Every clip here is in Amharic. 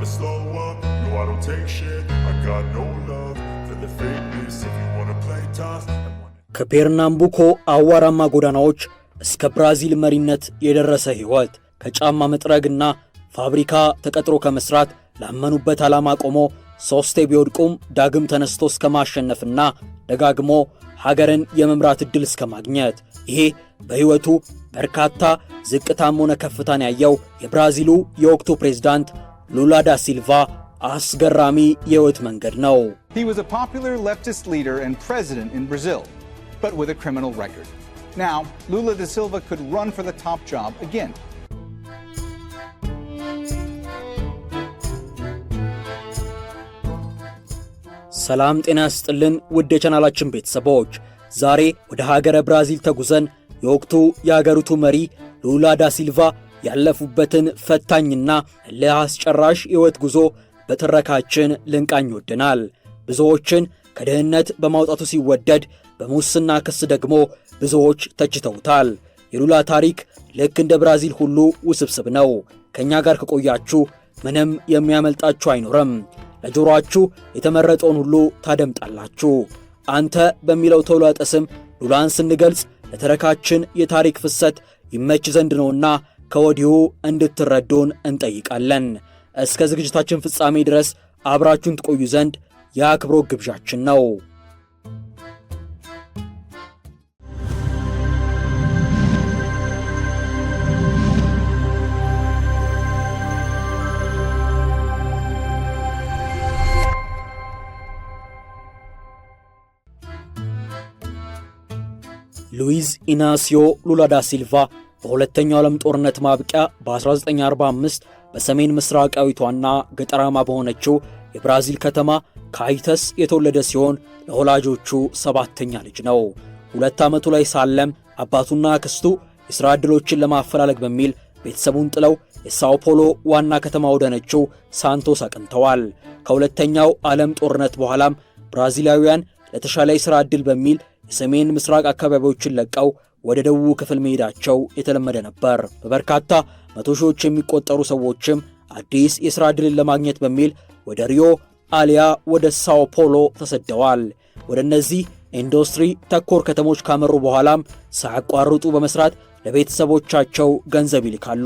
never slow up, no I don't take shit I got no love for the fakeness if you wanna play tough ከፔርናምቡኮ አዋራማ ጎዳናዎች እስከ ብራዚል መሪነት የደረሰ ሕይወት ከጫማ መጥረግና ፋብሪካ ተቀጥሮ ከመስራት ላመኑበት ዓላማ ቆሞ ሦስቴ ቢወድቁም ዳግም ተነስቶ እስከ ማሸነፍና ደጋግሞ ሀገርን የመምራት ዕድል እስከ ማግኘት ይሄ በሕይወቱ በርካታ ዝቅታም ሆነ ከፍታን ያየው የብራዚሉ የወቅቱ ፕሬዝዳንት ሉላ ዳ ሲልቫ አስገራሚ የህይወት መንገድ ነው። ሰላም ጤና ያስጥልን ውድ የቻናላችን ቤተሰቦች፣ ዛሬ ወደ ሀገረ ብራዚል ተጉዘን የወቅቱ የሀገሪቱ መሪ ሉላ ዳ ሲልቫ ያለፉበትን ፈታኝና ለአስጨራሽ አስጨራሽ ሕይወት ጉዞ በትረካችን ልንቃኝ ወድናል። ብዙዎችን ከድህነት በማውጣቱ ሲወደድ በሙስና ክስ ደግሞ ብዙዎች ተችተውታል። የሉላ ታሪክ ልክ እንደ ብራዚል ሁሉ ውስብስብ ነው። ከእኛ ጋር ከቆያችሁ ምንም የሚያመልጣችሁ አይኖርም። ለጆሮአችሁ የተመረጠውን ሁሉ ታደምጣላችሁ። አንተ በሚለው ተውላጠ ስም ሉላን ስንገልጽ ለተረካችን የታሪክ ፍሰት ይመች ዘንድ ነውና ከወዲሁ እንድትረዱን እንጠይቃለን። እስከ ዝግጅታችን ፍጻሜ ድረስ አብራችሁን ትቆዩ ዘንድ የአክብሮ ግብዣችን ነው። ሉዊዝ ኢናሲዮ ሉላ ዳ ሲልቫ በሁለተኛው ዓለም ጦርነት ማብቂያ በ1945 በሰሜን ምስራቃዊቷና ገጠራማ በሆነችው የብራዚል ከተማ ካይተስ የተወለደ ሲሆን ለወላጆቹ ሰባተኛ ልጅ ነው። ሁለት ዓመቱ ላይ ሳለም አባቱና አክስቱ የሥራ ዕድሎችን ለማፈላለግ በሚል ቤተሰቡን ጥለው የሳውፖሎ ዋና ከተማ ወደነችው ሳንቶስ አቅንተዋል። ከሁለተኛው ዓለም ጦርነት በኋላም ብራዚላውያን ለተሻለ የሥራ ዕድል በሚል የሰሜን ምስራቅ አካባቢዎችን ለቀው ወደ ደቡብ ክፍል መሄዳቸው የተለመደ ነበር። በበርካታ መቶ ሺዎች የሚቆጠሩ ሰዎችም አዲስ የሥራ ዕድልን ለማግኘት በሚል ወደ ሪዮ አሊያ ወደ ሳው ፖሎ ተሰደዋል። ወደ እነዚህ ኢንዱስትሪ ተኮር ከተሞች ካመሩ በኋላም ሳያቋርጡ በመስራት ለቤተሰቦቻቸው ገንዘብ ይልካሉ።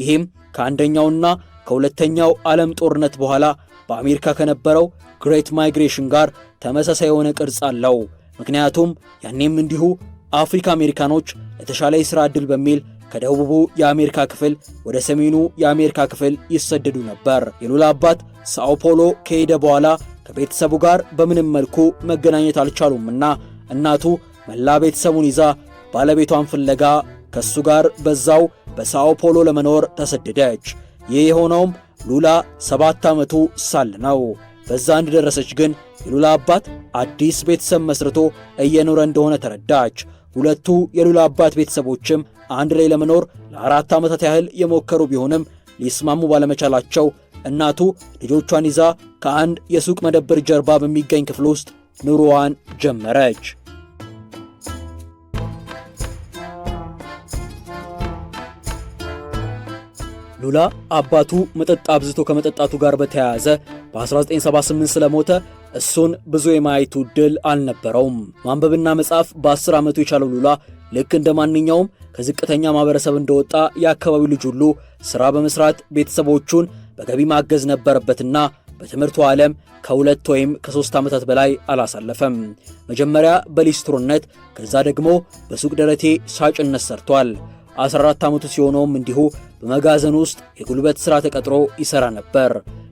ይህም ከአንደኛውና ከሁለተኛው ዓለም ጦርነት በኋላ በአሜሪካ ከነበረው ግሬት ማይግሬሽን ጋር ተመሳሳይ የሆነ ቅርጽ አለው። ምክንያቱም ያኔም እንዲሁ አፍሪካ አሜሪካኖች ለተሻለ የሥራ ዕድል በሚል ከደቡቡ የአሜሪካ ክፍል ወደ ሰሜኑ የአሜሪካ ክፍል ይሰደዱ ነበር። የሉላ አባት ሳኦ ፖሎ ከሄደ በኋላ ከቤተሰቡ ጋር በምንም መልኩ መገናኘት አልቻሉምና እናቱ መላ ቤተሰቡን ይዛ ባለቤቷን ፍለጋ ከእሱ ጋር በዛው በሳኦ ፖሎ ለመኖር ተሰደደች። ይህ የሆነውም ሉላ ሰባት ዓመቱ ሳል ነው። በዛ እንደደረሰች ግን የሉላ አባት አዲስ ቤተሰብ መስርቶ እየኖረ እንደሆነ ተረዳች። ሁለቱ የሉላ አባት ቤተሰቦችም አንድ ላይ ለመኖር ለአራት ዓመታት ያህል የሞከሩ ቢሆንም ሊስማሙ ባለመቻላቸው እናቱ ልጆቿን ይዛ ከአንድ የሱቅ መደብር ጀርባ በሚገኝ ክፍል ውስጥ ኑሮዋን ጀመረች። ሉላ አባቱ መጠጥ አብዝቶ ከመጠጣቱ ጋር በተያያዘ በ1978 ስለሞተ እሱን ብዙ የማየቱ ዕድል አልነበረውም። ማንበብና መጻፍ በ10 ዓመቱ የቻለው ሉላ ልክ እንደ ማንኛውም ከዝቅተኛ ማኅበረሰብ እንደወጣ የአካባቢው ልጅ ሁሉ ሥራ በመሥራት ቤተሰቦቹን በገቢ ማገዝ ነበረበትና በትምህርቱ ዓለም ከሁለት ወይም ከሦስት ዓመታት በላይ አላሳለፈም። መጀመሪያ በሊስትሮነት ከዛ ደግሞ በሱቅ ደረቴ ሻጭነት ሰርቷል። 14 ዓመቱ ሲሆነውም እንዲሁ በመጋዘን ውስጥ የጉልበት ሥራ ተቀጥሮ ይሠራ ነበር።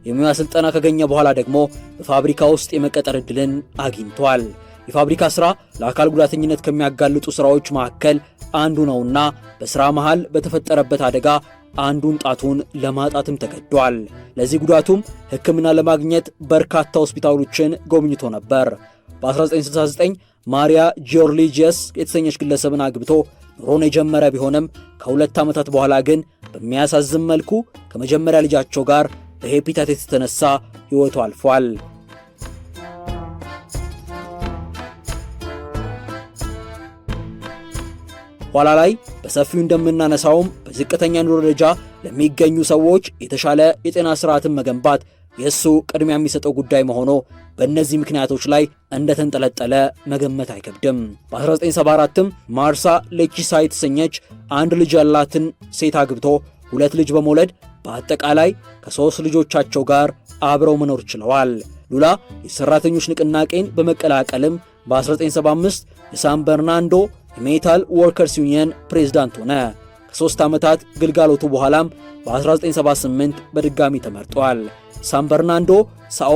የሙያ ሥልጠና ከገኘ በኋላ ደግሞ በፋብሪካ ውስጥ የመቀጠር ዕድልን አግኝቷል። የፋብሪካ ሥራ ለአካል ጉዳተኝነት ከሚያጋልጡ ሥራዎች መካከል አንዱ ነውና በሥራ መሃል በተፈጠረበት አደጋ አንዱን ጣቱን ለማጣትም ተገዷል። ለዚህ ጉዳቱም ሕክምና ለማግኘት በርካታ ሆስፒታሎችን ጎብኝቶ ነበር። በ1969 ማሪያ ጂዮርሊጂየስ የተሰኘች ግለሰብን አግብቶ ኑሮን የጀመረ ቢሆንም ከሁለት ዓመታት በኋላ ግን በሚያሳዝን መልኩ ከመጀመሪያ ልጃቸው ጋር በሄፒታይተስ የተነሳ ሕይወቱ አልፏል። ኋላ ላይ በሰፊው እንደምናነሳውም በዝቅተኛ ኑሮ ደረጃ ለሚገኙ ሰዎች የተሻለ የጤና ስርዓትን መገንባት የእሱ ቅድሚያ የሚሰጠው ጉዳይ መሆኑ በእነዚህ ምክንያቶች ላይ እንደተንጠለጠለ መገመት አይከብድም። በ1974ም ማርሳ ሌቺሳ የተሰኘች አንድ ልጅ ያላትን ሴት አግብቶ ሁለት ልጅ በመውለድ በአጠቃላይ ከሦስት ልጆቻቸው ጋር አብረው መኖር ችለዋል። ሉላ የሠራተኞች ንቅናቄን በመቀላቀልም በ1975 የሳን በርናንዶ የሜታል ወርከርስ ዩኒየን ፕሬዝዳንት ሆነ። ከሦስት ዓመታት ግልጋሎቱ በኋላም በ1978 በድጋሚ ተመርጧል። ሳን በርናንዶ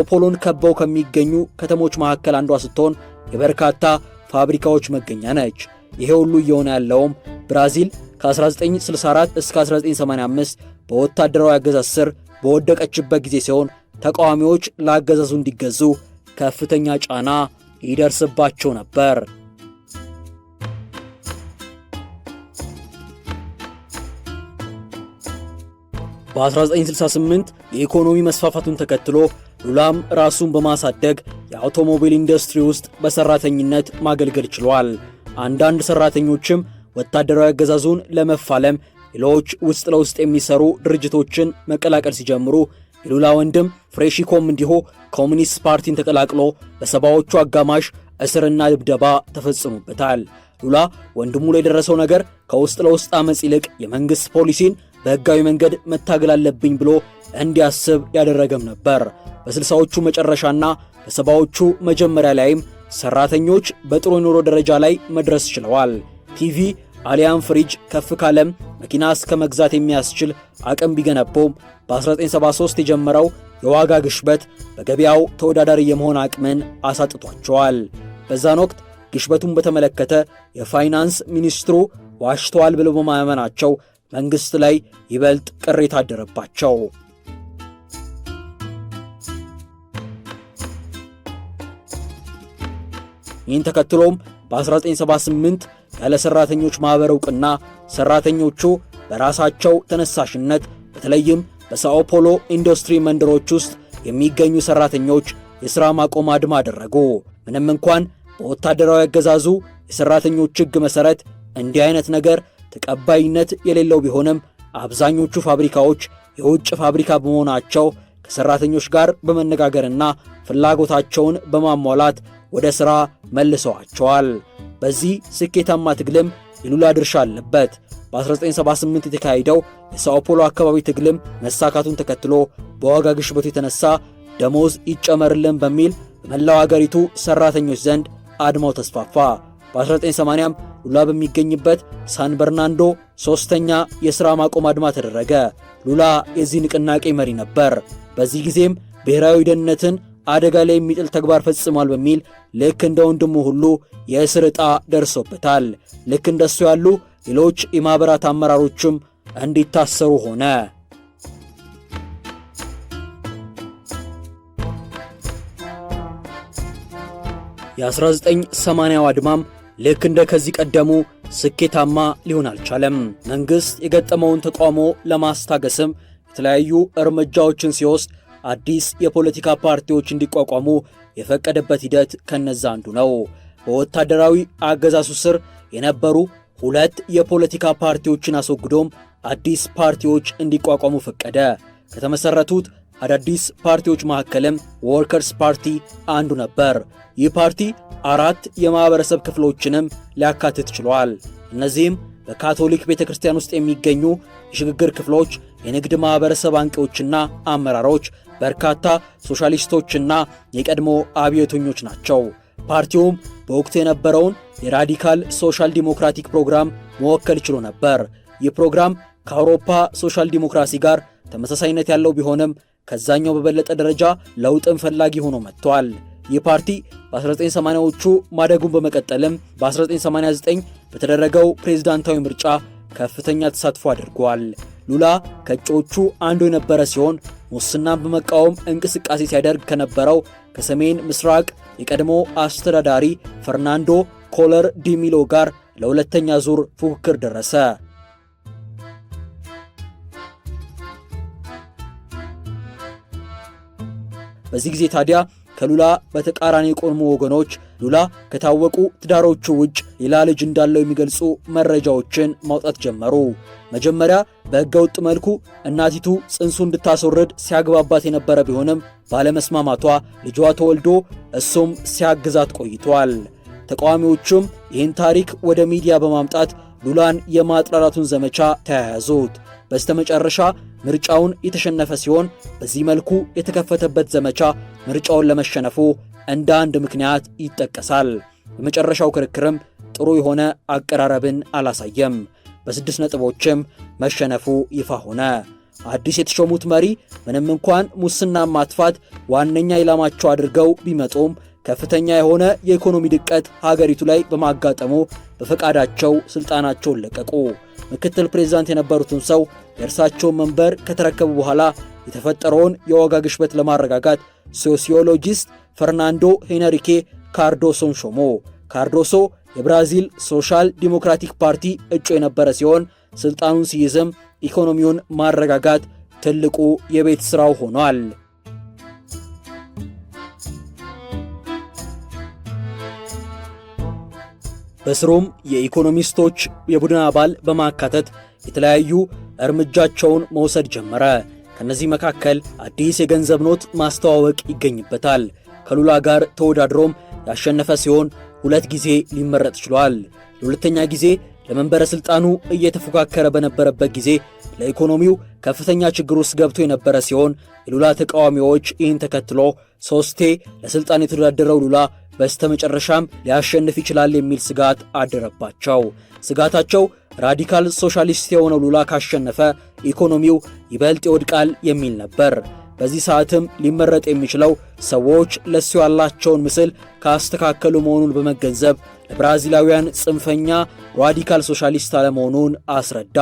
ፖሎን ከበው ከሚገኙ ከተሞች መካከል አንዷ ስትሆን የበርካታ ፋብሪካዎች መገኛ ነች። ይሄ ሁሉ እየሆነ ያለውም ብራዚል ከ1964 እስከ 1985 በወታደራዊ አገዛዝ ስር በወደቀችበት ጊዜ ሲሆን ተቃዋሚዎች ለአገዛዙ እንዲገዙ ከፍተኛ ጫና ይደርስባቸው ነበር። በ1968 የኢኮኖሚ መስፋፋቱን ተከትሎ ሉላም ራሱን በማሳደግ የአውቶሞቢል ኢንዱስትሪ ውስጥ በሰራተኝነት ማገልገል ችሏል። አንዳንድ ሰራተኞችም ወታደራዊ አገዛዙን ለመፋለም ሌሎች ውስጥ ለውስጥ የሚሰሩ ድርጅቶችን መቀላቀል ሲጀምሩ የሉላ ወንድም ፍሬሺኮም እንዲሁ ኮሚኒስት ፓርቲን ተቀላቅሎ በሰባዎቹ አጋማሽ እስርና ድብደባ ተፈጽሞበታል። ሉላ ወንድሙ ላይ የደረሰው ነገር ከውስጥ ለውስጥ አመፅ ይልቅ የመንግሥት ፖሊሲን በህጋዊ መንገድ መታገል አለብኝ ብሎ እንዲያስብ ያደረገም ነበር። በስልሳዎቹ መጨረሻና በሰባዎቹ መጀመሪያ ላይም ሰራተኞች በጥሩ ኑሮ ደረጃ ላይ መድረስ ችለዋል። ቲቪ አሊያም ፍሪጅ ከፍ ካለም መኪና እስከ መግዛት የሚያስችል አቅም ቢገነቦም በ1973 የጀመረው የዋጋ ግሽበት በገበያው ተወዳዳሪ የመሆን አቅምን አሳጥቷቸዋል። በዛን ወቅት ግሽበቱን በተመለከተ የፋይናንስ ሚኒስትሩ ዋሽተዋል ብለው በማመናቸው መንግሥት ላይ ይበልጥ ቅሬታ አደረባቸው። ይህን ተከትሎም በ1978 ያለ ሠራተኞች ማኅበር ዕውቅና ሠራተኞቹ በራሳቸው ተነሳሽነት በተለይም በሳኦ ፖሎ ኢንዱስትሪ መንደሮች ውስጥ የሚገኙ ሠራተኞች የሥራ ማቆም አድማ አደረጉ። ምንም እንኳን በወታደራዊ አገዛዙ የሠራተኞች ሕግ መሠረት እንዲህ አይነት ነገር ተቀባይነት የሌለው ቢሆንም አብዛኞቹ ፋብሪካዎች የውጭ ፋብሪካ በመሆናቸው ከሰራተኞች ጋር በመነጋገርና ፍላጎታቸውን በማሟላት ወደ ሥራ መልሰዋቸዋል። በዚህ ስኬታማ ትግልም የሉላ ድርሻ አለበት። በ1978 የተካሄደው የሳኦ አካባቢ ትግልም መሳካቱን ተከትሎ በዋጋ ግሽበቱ የተነሳ ደሞዝ ይጨመርልን በሚል በመላው አገሪቱ ሰራተኞች ዘንድ አድማው ተስፋፋ። በ1980ም ሉላ በሚገኝበት ሳን በርናንዶ ሦስተኛ የሥራ ማቆም አድማ ተደረገ። ሉላ የዚህ ንቅናቄ መሪ ነበር። በዚህ ጊዜም ብሔራዊ ደህንነትን አደጋ ላይ የሚጥል ተግባር ፈጽሟል በሚል ልክ እንደ ወንድሙ ሁሉ የእስር ዕጣ ደርሶበታል። ልክ እንደሱ ያሉ ሌሎች የማኅበራት አመራሮችም እንዲታሰሩ ሆነ። የ1980 አድማም ልክ እንደ ከዚህ ቀደሙ ስኬታማ ሊሆን አልቻለም። መንግሥት የገጠመውን ተቃውሞ ለማስታገስም የተለያዩ እርምጃዎችን ሲወስድ አዲስ የፖለቲካ ፓርቲዎች እንዲቋቋሙ የፈቀደበት ሂደት ከነዛ አንዱ ነው። በወታደራዊ አገዛዙ ስር የነበሩ ሁለት የፖለቲካ ፓርቲዎችን አስወግዶም አዲስ ፓርቲዎች እንዲቋቋሙ ፈቀደ። ከተመሠረቱት አዳዲስ ፓርቲዎች መካከልም ወርከርስ ፓርቲ አንዱ ነበር። ይህ ፓርቲ አራት የማኅበረሰብ ክፍሎችንም ሊያካትት ችሏል። እነዚህም በካቶሊክ ቤተ ክርስቲያን ውስጥ የሚገኙ የሽግግር ክፍሎች፣ የንግድ ማኅበረሰብ አንቂዎችና አመራሮች፣ በርካታ ሶሻሊስቶችና የቀድሞ አብዮተኞች ናቸው። ፓርቲውም በወቅቱ የነበረውን የራዲካል ሶሻል ዲሞክራቲክ ፕሮግራም መወከል ችሎ ነበር። ይህ ፕሮግራም ከአውሮፓ ሶሻል ዲሞክራሲ ጋር ተመሳሳይነት ያለው ቢሆንም ከዛኛው በበለጠ ደረጃ ለውጥን ፈላጊ ሆኖ መጥቷል። ይህ ፓርቲ በ1980ዎቹ ማደጉን በመቀጠልም በ1989 በተደረገው ፕሬዝዳንታዊ ምርጫ ከፍተኛ ተሳትፎ አድርጓል። ሉላ ከእጩዎቹ አንዱ የነበረ ሲሆን ሙስናን በመቃወም እንቅስቃሴ ሲያደርግ ከነበረው ከሰሜን ምስራቅ የቀድሞ አስተዳዳሪ ፈርናንዶ ኮለር ዲሚሎ ጋር ለሁለተኛ ዙር ፉክክር ደረሰ። በዚህ ጊዜ ታዲያ ከሉላ በተቃራኒ የቆሙ ወገኖች ሉላ ከታወቁ ትዳሮቹ ውጭ ሌላ ልጅ እንዳለው የሚገልጹ መረጃዎችን ማውጣት ጀመሩ። መጀመሪያ በህገውጥ መልኩ እናቲቱ ጽንሱ እንድታስወርድ ሲያግባባት የነበረ ቢሆንም ባለመስማማቷ ልጇ ተወልዶ እሱም ሲያግዛት ቆይቷል። ተቃዋሚዎቹም ይህን ታሪክ ወደ ሚዲያ በማምጣት ሉላን የማጥራራቱን ዘመቻ ተያያዙት። በስተመጨረሻ ምርጫውን የተሸነፈ ሲሆን በዚህ መልኩ የተከፈተበት ዘመቻ ምርጫውን ለመሸነፉ እንደ አንድ ምክንያት ይጠቀሳል። በመጨረሻው ክርክርም ጥሩ የሆነ አቀራረብን አላሳየም። በስድስት ነጥቦችም መሸነፉ ይፋ ሆነ። አዲስ የተሾሙት መሪ ምንም እንኳን ሙስናን ማጥፋት ዋነኛ ኢላማቸው አድርገው ቢመጡም ከፍተኛ የሆነ የኢኮኖሚ ድቀት ሀገሪቱ ላይ በማጋጠሙ በፈቃዳቸው ስልጣናቸውን ለቀቁ። ምክትል ፕሬዝዳንት የነበሩትን ሰው የእርሳቸውን መንበር ከተረከቡ በኋላ የተፈጠረውን የዋጋ ግሽበት ለማረጋጋት ሶሲዮሎጂስት ፈርናንዶ ሄነሪኬ ካርዶሶን ሾሞ። ካርዶሶ የብራዚል ሶሻል ዲሞክራቲክ ፓርቲ እጩ የነበረ ሲሆን ስልጣኑን ሲይዝም ኢኮኖሚውን ማረጋጋት ትልቁ የቤት ሥራው ሆኗል። በስሩም የኢኮኖሚስቶች የቡድን አባል በማካተት የተለያዩ እርምጃቸውን መውሰድ ጀመረ። ከነዚህ መካከል አዲስ የገንዘብ ኖት ማስተዋወቅ ይገኝበታል። ከሉላ ጋር ተወዳድሮም ያሸነፈ ሲሆን ሁለት ጊዜ ሊመረጥ ችሏል። ለሁለተኛ ጊዜ ለመንበረ ሥልጣኑ እየተፎካከረ በነበረበት ጊዜ ለኢኮኖሚው ከፍተኛ ችግር ውስጥ ገብቶ የነበረ ሲሆን የሉላ ተቃዋሚዎች ይህን ተከትሎ ሦስቴ ለሥልጣን የተወዳደረው ሉላ በስተመጨረሻም ሊያሸንፍ ይችላል የሚል ስጋት አደረባቸው። ስጋታቸው ራዲካል ሶሻሊስት የሆነው ሉላ ካሸነፈ ኢኮኖሚው ይበልጥ ይወድቃል የሚል ነበር። በዚህ ሰዓትም ሊመረጥ የሚችለው ሰዎች ለሱ ያላቸውን ምስል ካስተካከሉ መሆኑን በመገንዘብ ለብራዚላውያን ጽንፈኛ ራዲካል ሶሻሊስት አለመሆኑን አስረዳ።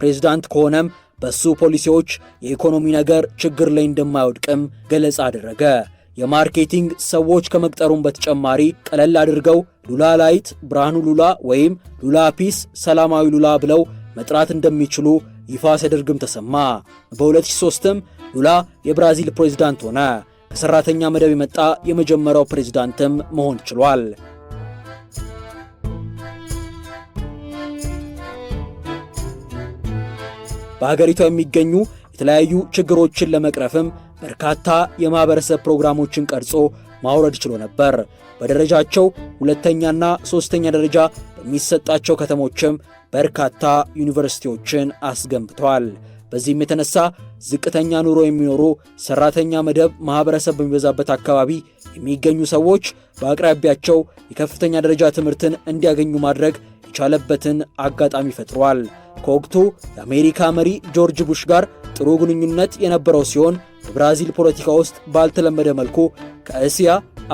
ፕሬዝዳንት ከሆነም በሱ ፖሊሲዎች የኢኮኖሚ ነገር ችግር ላይ እንደማይወድቅም ገለጻ አደረገ። የማርኬቲንግ ሰዎች ከመቅጠሩን በተጨማሪ ቀለል አድርገው ሉላ ላይት፣ ብርሃኑ ሉላ ወይም ሉላ ፒስ፣ ሰላማዊ ሉላ ብለው መጥራት እንደሚችሉ ይፋ ሲያደርግም ተሰማ። በ2003ም ሉላ የብራዚል ፕሬዝዳንት ሆነ። ከሰራተኛ መደብ የመጣ የመጀመሪያው ፕሬዝዳንትም መሆን ችሏል። በሀገሪቷ የሚገኙ የተለያዩ ችግሮችን ለመቅረፍም በርካታ የማህበረሰብ ፕሮግራሞችን ቀርጾ ማውረድ ችሎ ነበር። በደረጃቸው ሁለተኛና ሶስተኛ ደረጃ በሚሰጣቸው ከተሞችም በርካታ ዩኒቨርሲቲዎችን አስገንብተዋል። በዚህም የተነሳ ዝቅተኛ ኑሮ የሚኖሩ ሰራተኛ መደብ ማህበረሰብ በሚበዛበት አካባቢ የሚገኙ ሰዎች በአቅራቢያቸው የከፍተኛ ደረጃ ትምህርትን እንዲያገኙ ማድረግ የቻለበትን አጋጣሚ ፈጥሯል። ከወቅቱ የአሜሪካ መሪ ጆርጅ ቡሽ ጋር ጥሩ ግንኙነት የነበረው ሲሆን በብራዚል ፖለቲካ ውስጥ ባልተለመደ መልኩ ከእስያ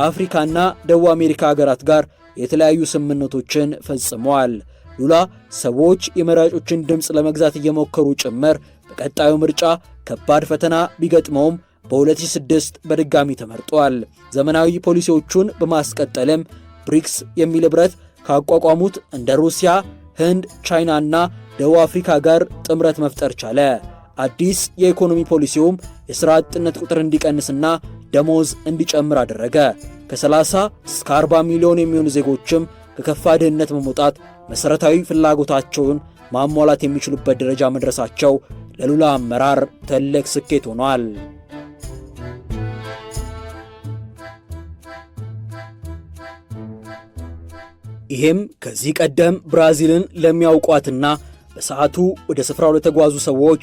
አፍሪካና ደቡብ አሜሪካ ሀገራት ጋር የተለያዩ ስምምነቶችን ፈጽመዋል። ሉላ ሰዎች የመራጮችን ድምፅ ለመግዛት እየሞከሩ ጭምር በቀጣዩ ምርጫ ከባድ ፈተና ቢገጥመውም በ2006 በድጋሚ ተመርጧል። ዘመናዊ ፖሊሲዎቹን በማስቀጠልም ብሪክስ የሚል ኅብረት ካቋቋሙት እንደ ሩሲያ፣ ህንድ፣ ቻይናና ደቡብ አፍሪካ ጋር ጥምረት መፍጠር ቻለ። አዲስ የኢኮኖሚ ፖሊሲውም የሥራ አጥነት ቁጥር እንዲቀንስና ደሞዝ እንዲጨምር አደረገ። ከ30 እስከ 40 ሚሊዮን የሚሆኑ ዜጎችም ከከፋ ድህነት በመውጣት መሠረታዊ ፍላጎታቸውን ማሟላት የሚችሉበት ደረጃ መድረሳቸው ለሉላ አመራር ትልቅ ስኬት ሆኗል። ይህም ከዚህ ቀደም ብራዚልን ለሚያውቋትና በሰዓቱ ወደ ስፍራው ለተጓዙ ሰዎች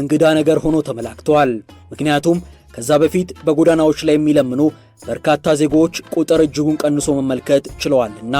እንግዳ ነገር ሆኖ ተመላክተዋል። ምክንያቱም ከዛ በፊት በጎዳናዎች ላይ የሚለምኑ በርካታ ዜጎች ቁጥር እጅጉን ቀንሶ መመልከት ችለዋልና።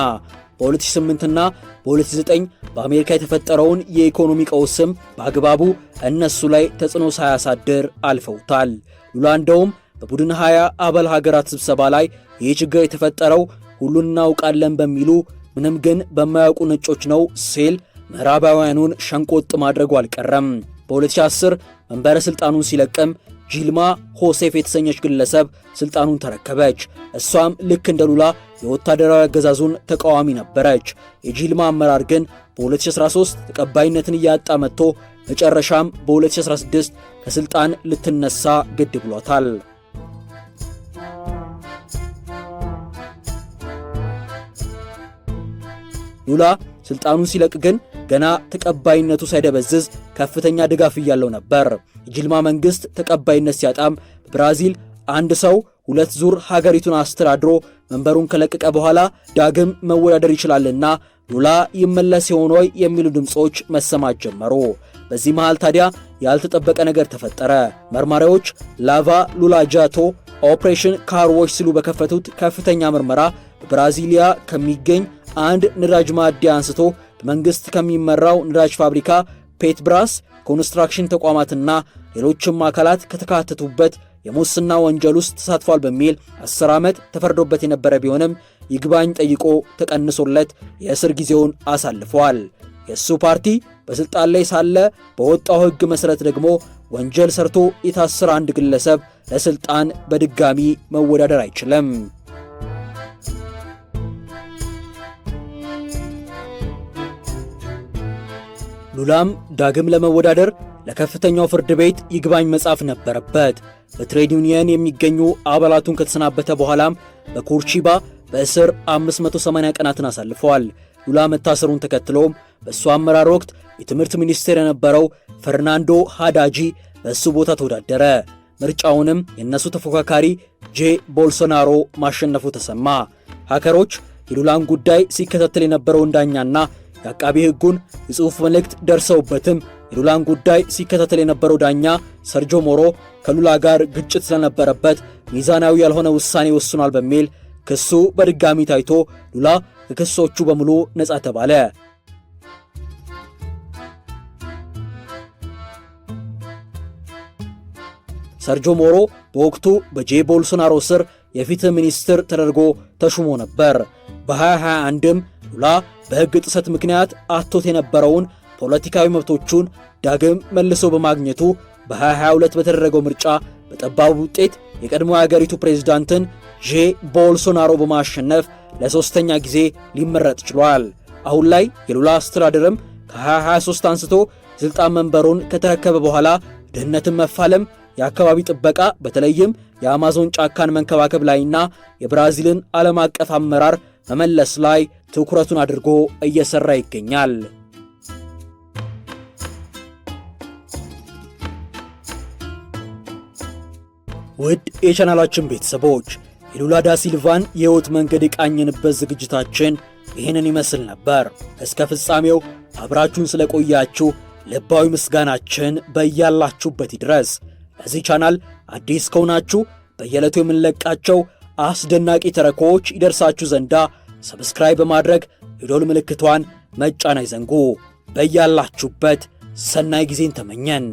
በ2008ና በ2009 በአሜሪካ የተፈጠረውን የኢኮኖሚ ቀውስም በአግባቡ እነሱ ላይ ተጽዕኖ ሳያሳድር አልፈውታል። ሉላ እንደውም በቡድን 20 አባል ሀገራት ስብሰባ ላይ ይህ ችግር የተፈጠረው ሁሉን እናውቃለን በሚሉ ምንም ግን በማያውቁ ነጮች ነው ሲል ምዕራባውያኑን ሸንቆጥ ማድረጉ አልቀረም። በ2010 መንበረ ሥልጣኑን ሲለቅም ጂልማ ሆሴፍ የተሰኘች ግለሰብ ስልጣኑን ተረከበች። እሷም ልክ እንደ ሉላ የወታደራዊ አገዛዙን ተቃዋሚ ነበረች። የጂልማ አመራር ግን በ2013 ተቀባይነትን እያጣ መጥቶ መጨረሻም በ2016 ከስልጣን ልትነሳ ግድ ብሏታል። ሉላ ስልጣኑን ሲለቅ ግን ገና ተቀባይነቱ ሳይደበዝዝ ከፍተኛ ድጋፍ እያለው ነበር። የጅልማ መንግስት ተቀባይነት ሲያጣም ብራዚል አንድ ሰው ሁለት ዙር ሀገሪቱን አስተዳድሮ መንበሩን ከለቀቀ በኋላ ዳግም መወዳደር ይችላልና ሉላ ይመለስ ይሆን ወይ የሚሉ ድምፆች መሰማት ጀመሩ። በዚህ መሃል ታዲያ ያልተጠበቀ ነገር ተፈጠረ። መርማሪዎች ላቫ ሉላ ጃቶ ኦፕሬሽን ካርዎች ሲሉ በከፈቱት ከፍተኛ ምርመራ ብራዚሊያ ከሚገኝ አንድ ነዳጅ ማደያ አንስቶ በመንግሥት ከሚመራው ነዳጅ ፋብሪካ ፔትብራስ ኮንስትራክሽን ተቋማትና ሌሎችም አካላት ከተካተቱበት የሙስና ወንጀል ውስጥ ተሳትፏል በሚል 10 ዓመት ተፈርዶበት የነበረ ቢሆንም ይግባኝ ጠይቆ ተቀንሶለት የእስር ጊዜውን አሳልፏል። የእሱ ፓርቲ በሥልጣን ላይ ሳለ በወጣው ሕግ መሠረት ደግሞ ወንጀል ሰርቶ የታሰረ አንድ ግለሰብ ለሥልጣን በድጋሚ መወዳደር አይችልም። ሉላም ዳግም ለመወዳደር ለከፍተኛው ፍርድ ቤት ይግባኝ መጻፍ ነበረበት። በትሬድ ዩኒየን የሚገኙ አባላቱን ከተሰናበተ በኋላም በኩርቺባ በእስር 580 ቀናትን አሳልፈዋል። ሉላ መታሰሩን ተከትሎም በእሱ አመራር ወቅት የትምህርት ሚኒስቴር የነበረው ፈርናንዶ ሃዳጂ በእሱ ቦታ ተወዳደረ። ምርጫውንም የእነሱ ተፎካካሪ ጄ ቦልሶናሮ ማሸነፉ ተሰማ። ሀከሮች የሉላን ጉዳይ ሲከታተል የነበረውን ዳኛና የአቃቢ ሕጉን የጽሑፍ መልእክት ደርሰውበትም የሉላን ጉዳይ ሲከታተል የነበረው ዳኛ ሰርጆ ሞሮ ከሉላ ጋር ግጭት ስለነበረበት ሚዛናዊ ያልሆነ ውሳኔ ወስኗል በሚል ክሱ በድጋሚ ታይቶ ሉላ ከክሶቹ በሙሉ ነጻ ተባለ። ሰርጆ ሞሮ በወቅቱ በጄ ቦልሶናሮ ስር የፍትህ ሚኒስትር ተደርጎ ተሹሞ ነበር። በ2021ም ሉላ በሕግ ጥሰት ምክንያት አቶት የነበረውን ፖለቲካዊ መብቶቹን ዳግም መልሶ በማግኘቱ በ2022 በተደረገው ምርጫ በጠባቡ ውጤት የቀድሞ የአገሪቱ ፕሬዝዳንትን ዤ ቦልሶናሮ በማሸነፍ ለሦስተኛ ጊዜ ሊመረጥ ችሏል። አሁን ላይ የሉላ አስተዳደርም ከ2023 አንስቶ ስልጣን መንበሩን ከተረከበ በኋላ ድህነትን መፋለም፣ የአካባቢ ጥበቃ በተለይም የአማዞን ጫካን መንከባከብ ላይና የብራዚልን ዓለም አቀፍ አመራር መመለስ ላይ ትኩረቱን አድርጎ እየሰራ ይገኛል። ውድ የቻናላችን ቤተሰቦች የሉላ ዳ ሲልቫን የህይወት መንገድ የቃኘንበት ዝግጅታችን ይህንን ይመስል ነበር። እስከ ፍጻሜው አብራችሁን ስለቆያችሁ ልባዊ ምስጋናችን በያላችሁበት ይድረስ። ለዚህ ቻናል አዲስ ከሆናችሁ በየዕለቱ የምንለቃቸው አስደናቂ ተረኮች ይደርሳችሁ ዘንዳ ሰብስክራይብ በማድረግ የዶል ምልክቷን መጫን አይዘንጉ። በያላችሁበት ሰናይ ጊዜን ተመኘን።